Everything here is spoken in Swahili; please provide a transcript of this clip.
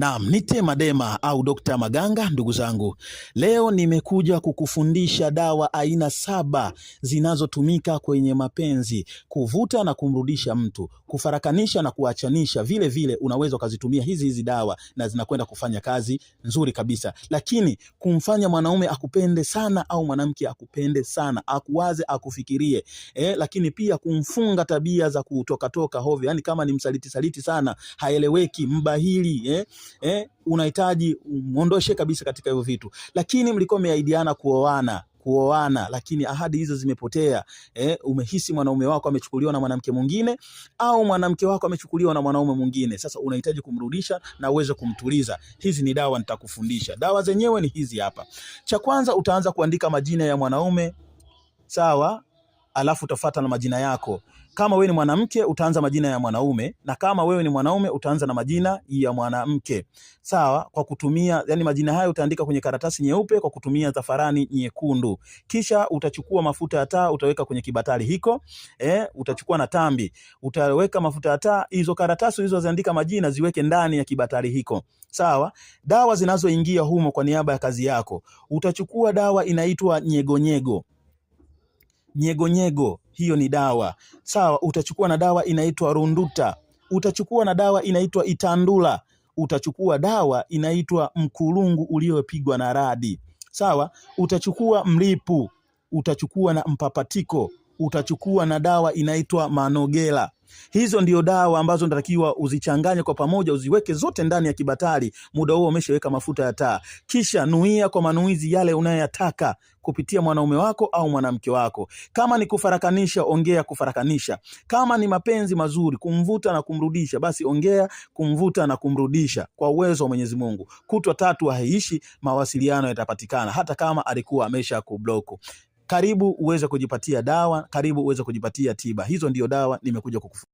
Naam, ni Tema Dema au Dr. Maganga. Ndugu zangu, leo nimekuja kukufundisha dawa aina saba zinazotumika kwenye mapenzi, kuvuta na kumrudisha mtu, kufarakanisha na kuachanisha. Vile vile unaweza ukazitumia hizi hizi dawa na zinakwenda kufanya kazi nzuri kabisa, lakini kumfanya mwanaume akupende sana au mwanamke akupende sana, akuwaze, akufikirie eh, lakini pia kumfunga tabia za kutokatoka hovyo, yani kama ni msaliti saliti sana, haeleweki, mbahili eh eh, unahitaji umondoshe kabisa katika hivyo vitu, lakini mlikuwa mmeahidiana kuoana kuoana lakini ahadi hizo zimepotea. Eh, umehisi mwanaume wako amechukuliwa na mwanamke mwingine au mwanamke wako amechukuliwa na mwanaume mwingine. Sasa unahitaji kumrudisha na uweze kumtuliza. Hizi ni dawa nitakufundisha. Dawa zenyewe ni hizi hapa. Cha kwanza utaanza kuandika majina ya mwanaume sawa alafu utafuata na majina yako. Kama wewe ni mwanamke utaanza majina ya mwanaume, na kama wewe ni mwanaume utaanza na majina ya mwanamke, sawa? Kwa kutumia yani, majina hayo utaandika kwenye karatasi nyeupe kwa kutumia zafarani nyekundu, kisha utachukua mafuta ya taa utaweka kwenye kibatari hiko, eh, utachukua na tambi utaweka mafuta ya taa. Hizo karatasi ulizoziandika majina ziweke ndani ya kibatari hiko, sawa? Dawa zinazoingia humo kwa niaba ya kazi yako, utachukua dawa inaitwa nyegonyego nyego nyegonyego nyego, hiyo ni dawa sawa. Utachukua na dawa inaitwa runduta, utachukua na dawa inaitwa itandula, utachukua dawa inaitwa mkulungu uliopigwa na radi sawa. Utachukua mlipu, utachukua na mpapatiko, utachukua na dawa inaitwa manogela Hizo ndio dawa ambazo natakiwa uzichanganye kwa pamoja, uziweke zote ndani ya kibatari. Muda huo umeshaweka mafuta ya taa, kisha nuia kwa manuizi yale unayoyataka kupitia mwanaume wako au mwanamke wako. Kama ni kufarakanisha, ongea kufarakanisha. Kama ni mapenzi mazuri, kumvuta na kumrudisha, basi ongea kumvuta na kumrudisha kwa uwezo wa Mwenyezi Mungu. Kutwa tatu haiishi, mawasiliano yatapatikana, hata kama alikuwa amesha kubloku. Karibu uweze kujipatia dawa, karibu uweze kujipatia tiba. Hizo ndio dawa nimekuja kukufu